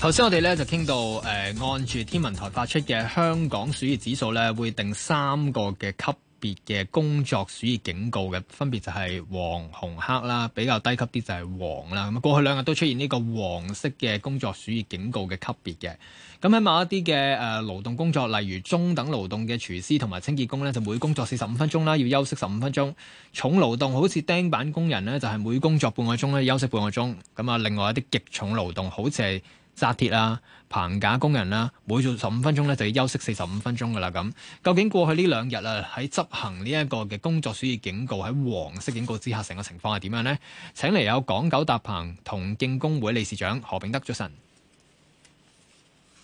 頭先我哋咧就傾到誒、呃，按住天文台發出嘅香港暑熱指數咧，會定三個嘅級別嘅工作暑熱警告嘅，分別就係黃、紅、黑啦，比較低級啲就係黃啦。咁過去兩日都出現呢個黃色嘅工作暑熱警告嘅級別嘅。咁喺某一啲嘅誒勞動工作，例如中等勞動嘅廚師同埋清潔工咧，就每工作四十五分鐘啦，要休息十五分鐘。重勞動好似釘板工人呢，就係、是、每工作半個鐘咧休息半個鐘。咁啊，另外一啲極重勞動好似係。紮鐵啦、啊，棚架工人啦、啊，每做十五分鐘咧就要休息四十五分鐘噶啦。咁究竟過去呢兩日啦，喺執行呢一個嘅工作暑熱警告喺黃色警告之下成個情況係點樣呢？請嚟，有港九搭棚同敬工會理事長何炳德，早晨。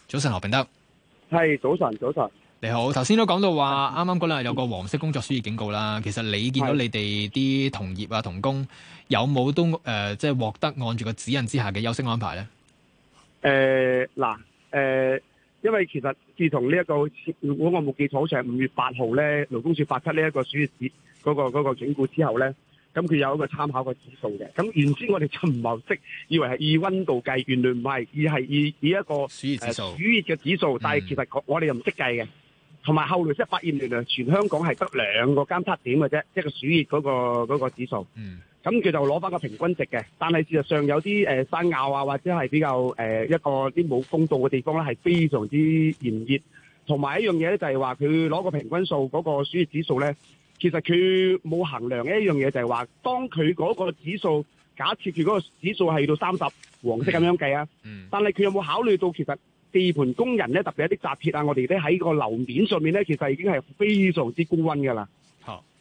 早晨何秉，何炳德係早晨，早晨你好。頭先都講到話，啱啱嗰兩日有個黃色工作暑熱警告啦。其實你見到你哋啲同業啊、同工有冇都誒、呃，即係獲得按住個指引之下嘅休息安排呢？誒、呃、嗱，誒、呃，因為其實自從呢一個如果我冇記錯，好似係五月八號咧，勞工處發出呢一個暑熱指嗰個、嗰個警告之後咧，咁佢有一個參考個指數嘅。咁原先我哋就唔係識以為係以温度計，原來唔係，而係以以一個暑熱指數，暑熱、呃、嘅指數。但係其實我哋又唔識計嘅。同、嗯、埋後來即係發現原來全香港係得兩個監測點嘅啫，即係個暑熱嗰個、嗰個指數。嗯。咁佢就攞翻個平均值嘅，但係事實上有啲、呃、山坳啊，或者係比較誒、呃、一個啲冇風度嘅地方咧，係非常之炎熱。同埋一樣嘢咧，就係話佢攞個平均數嗰個暑熱指數咧，其實佢冇衡量嘅一樣嘢就係話，當佢嗰個指數，假設佢嗰個指數係到三十黃色咁樣計啊。嗯。但係佢有冇考慮到其實地盤工人咧，特別一啲紮鐵啊，我哋咧喺個樓面上面咧，其實已經係非常之高温噶啦。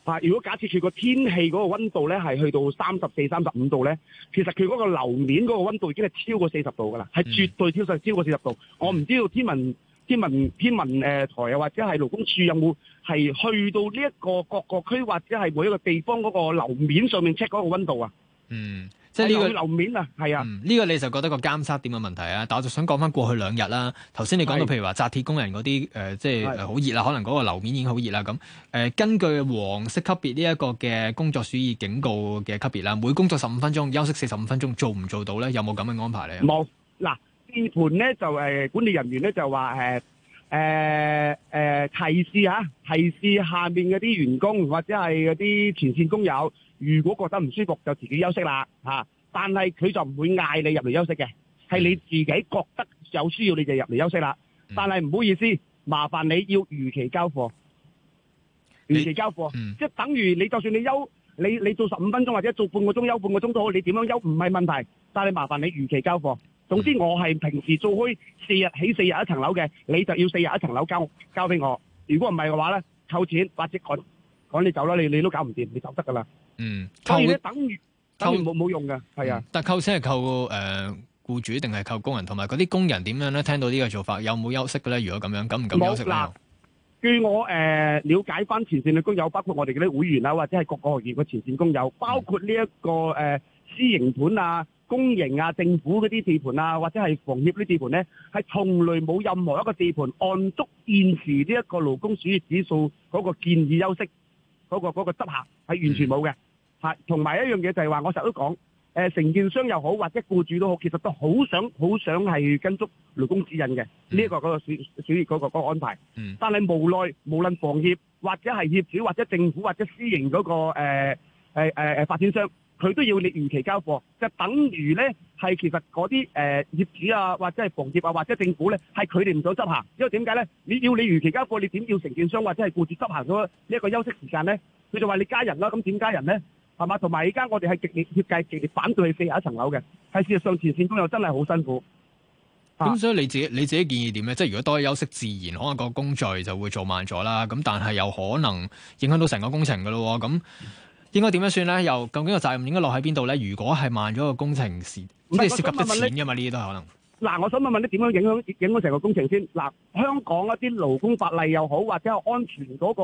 啊！如果假設佢個天氣嗰個温度咧，係去到三十四、三十五度咧，其實佢嗰個樓面嗰個温度已經係超過四十度噶啦，係絕對超過超過四十度。嗯、我唔知道天文天文天文誒台啊，或者係勞工處有冇係去到呢一個各個區或者係每一個地方嗰個樓面上面 check 嗰個温度啊？嗯。即係、這、呢個樓面啊，係、嗯、啊，呢、這個你就覺得個監察點嘅問題啊，但我就想講返過去兩日啦、啊。頭先你講到譬如話紮鐵工人嗰啲誒，即係好熱啦，可能嗰個樓面已經好熱啦咁。誒、呃，根據黃色級別呢一個嘅工作暑熱警告嘅級別啦，每工作十五分鐘休息四十五分鐘，做唔做到咧？有冇咁嘅安排咧？冇。嗱，地盤咧就誒、呃、管理人員咧就話誒。呃誒、呃、誒、呃，提示吓、啊，提示下面嗰啲員工或者係嗰啲前線工友，如果覺得唔舒服就自己休息啦吓、啊。但係佢就唔會嗌你入嚟休息嘅，係你自己覺得有需要你就入嚟休息啦。但係唔好意思，麻煩你要如期交貨，如期交貨、嗯嗯，即係等於你就算你休，你你做十五分鐘或者做半個鐘休半個鐘都好，你點樣休唔係問題，但係麻煩你如期交貨。總之我係平時做開四日起四日一層樓嘅，你就要四日一層樓交我交俾我。如果唔係嘅話咧，扣錢或者趕趕你走啦。你你都搞唔掂，你走得噶啦。嗯，所以咧等於等於冇冇用噶，係啊。但係扣先係扣個誒僱主定係扣工人？同埋嗰啲工人點樣咧？聽到呢個做法有冇休息嘅咧？如果咁樣，敢唔敢休息咧？據我誒了解，翻前線嘅工友，包括我哋嗰啲會員啦，或者係各個行業嘅前線工友，包括呢一個誒私營盤啊。公營啊、政府嗰啲地盤啊，或者係房協啲地盤咧，係從來冇任何一個地盤按足現時呢一個勞工暑熱指數嗰個建議休息嗰、嗰個嗰、嗰個、執行係完全冇嘅。同、嗯、埋一樣嘢就係話，我實、呃、成日都講誒承建商又好，或者僱主都好，其實都好想好想係跟足勞工指引嘅呢一個嗰個暑暑熱嗰、嗰個嗰個安排。嗯，但係無奈無論房協或者係業主或者政府或者私營嗰、嗰個誒誒誒發展商。佢都要你如期交貨，就等於咧係其實嗰啲誒業主啊，或者係房業啊，或者政府咧，係佢哋唔想執行，因為點解咧？你要你如期交貨，你點要承建商或者係僱主執行咗呢一個休息時間咧？佢就話你加人啦，咁點加人咧？係嘛？同埋而家我哋係極力業界極力反對你飛下一層樓嘅，係事實上前線工友真係好辛苦。咁所以你自己你自己建議點咧？即係如果多啲休息，自然可能個工序就會做慢咗啦。咁但係又可能影響到成個工程噶咯喎。咁應該點樣算咧？又究竟個責任應該落喺邊度咧？如果係慢咗個工程時，咁你涉及啲錢㗎嘛？呢啲都係可能。嗱，我想問問你點樣影響影響成個工程先？嗱，香港一啲勞工法例又好，或者係安全嗰個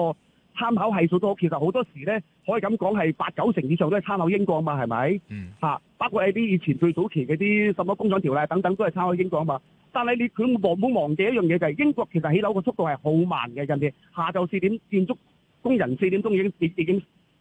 參考係數都好，其實好多時咧可以咁講係八九成以上都係參考英國嘛，係咪？嗯。嚇，包括喺啲以前最早期嗰啲什麼工廠條例等等，都係參考英國嘛。但係你佢忘唔好忘記一樣嘢就係英國其實起樓個速度係好慢嘅，人哋下晝四點，建築工人四點鐘已經已已經。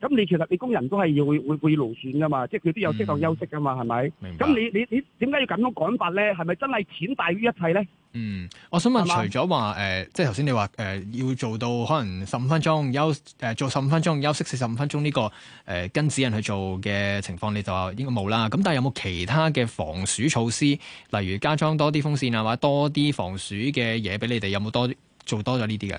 咁你其實你工人都係要會會會勞損噶嘛，即係佢都有適當休息噶嘛，係咪？咁你你你點解要咁樣講法咧？係咪真係錢大於一切咧？嗯，我想問，除咗話、呃、即係頭先你話、呃、要做到可能十五分鐘休、呃、做十五分鐘、呃、休息四十五分鐘呢、這個誒、呃，跟指引去做嘅情況，你就話應該冇啦。咁但係有冇其他嘅防暑措施，例如加裝多啲風扇啊，或者多啲防暑嘅嘢俾你哋？有冇多做多咗呢啲嘅？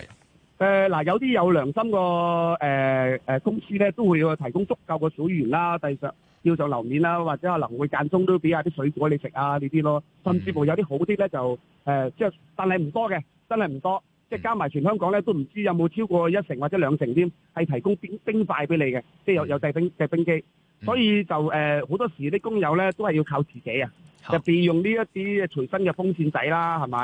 誒、呃、嗱，有啲有良心嘅誒、呃呃、公司咧，都會提供足夠嘅水源啦，第上叫做樓面啦，或者可能會間中都俾下啲水果你食啊，呢啲咯，甚至乎有啲好啲咧就誒，即、呃、係但係唔多嘅，真係唔多，即係加埋全香港咧都唔知有冇超過一成或者兩成添，係提供冰冰塊俾你嘅，即係有有製冰製冰機，所以就誒好、呃、多時啲工友咧都係要靠自己啊。特別用呢一啲隨身嘅風扇仔啦，係咪？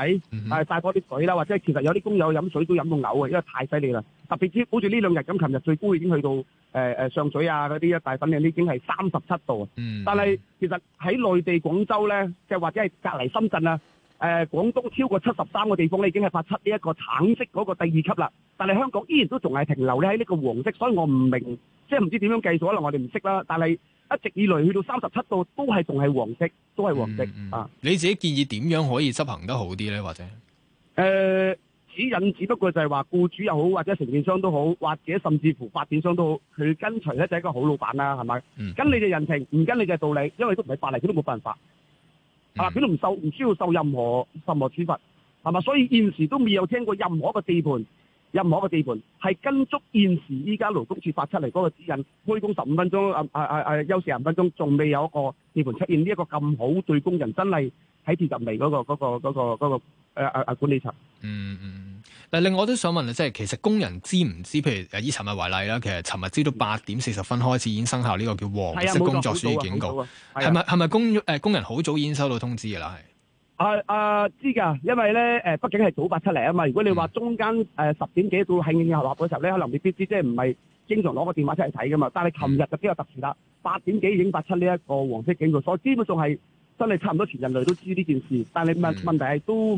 誒曬多啲水啦，或者其實有啲工友飲水都飲到嘔啊，因為太犀利啦！特別之，好似呢兩日咁，琴日最高已經去到誒誒上水啊嗰啲一大粉嶺，已經係三十七度啊！但係其實喺內地廣州咧，即係或者係隔離深圳啊，誒廣東超過七十三個地方咧，已經係發出呢一個橙色嗰個第二級啦。但係香港依然都仲係停留咧喺呢個黃色，所以我唔明，即係唔知點樣計數，可能我哋唔識啦。但係。一直以嚟去到三十七度都係仲係黃色，都係黃色，嗯嗯、啊！你自己建議點樣可以執行得好啲呢？或者誒、呃、指引，只不過就係話僱主又好，或者承建商都好，或者甚至乎發展商都好，佢跟隨咧就係一個好老闆啦，啊，係咪、嗯？跟你嘅人情，唔跟你嘅道理，因為都唔係法例，佢都冇辦法。嗯、啊！佢都唔受，唔需要受任何任何處罰，係嘛？所以現時都未有聽過任何一個地盤。任何一個地盤係跟足現時依家勞工處發出嚟嗰個指引，開工十五分鐘啊啊啊啊，休息十五分鐘，仲、呃、未、呃呃、有一個地盤出現呢一、這個咁好對工人真係睇跌入微嗰個嗰、那個嗰、那個、那個呃啊、管理層。嗯嗯，嗱，另外我都想問啊，即係其實工人知唔知？譬如以尋日為例啦，其實尋日朝早八點四十分開始已經生效呢個叫黃色工作暑熱警告，係咪係咪工誒、呃、工人好早已經收到通知嘅啦？係。啊啊知噶，因為咧誒，畢竟係早發出嚟啊嘛。如果你話中間誒、呃嗯、十點幾到慶應合立嘅時候咧，可能未必知，即係唔係經常攞個電話出嚟睇噶嘛。但係琴日就比較特殊啦、嗯，八點幾已經發出呢一個黃色警告。所以基本上係真係差唔多全人類都知呢件事。但係問問題係都唔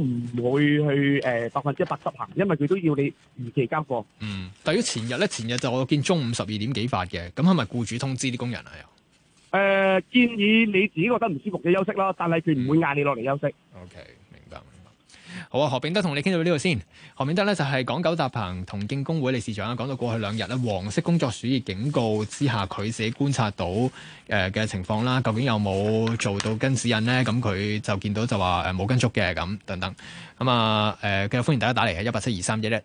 會去誒百分之一百執行，因為佢都要你如期交貨。嗯，但於前日咧，前日就我見中午十二點幾發嘅，咁係咪僱主通知啲工人啊？誒、呃，建議你自己覺得唔舒服嘅休息啦，但係佢唔會嗌你落嚟休息。OK，明白。明白好啊，何炳德同你傾到呢度先。何炳德咧就係港九搭棚同敬工會理事長啦。講到過去兩日咧黃色工作暑熱警告之下，佢自己觀察到誒嘅、呃、情況啦，究竟有冇做到跟指引呢？咁佢就見到就話誒冇跟足嘅咁等等咁啊。誒，今、呃、歡、呃、歡迎大家打嚟係一八七二三一一。172, 3, 1,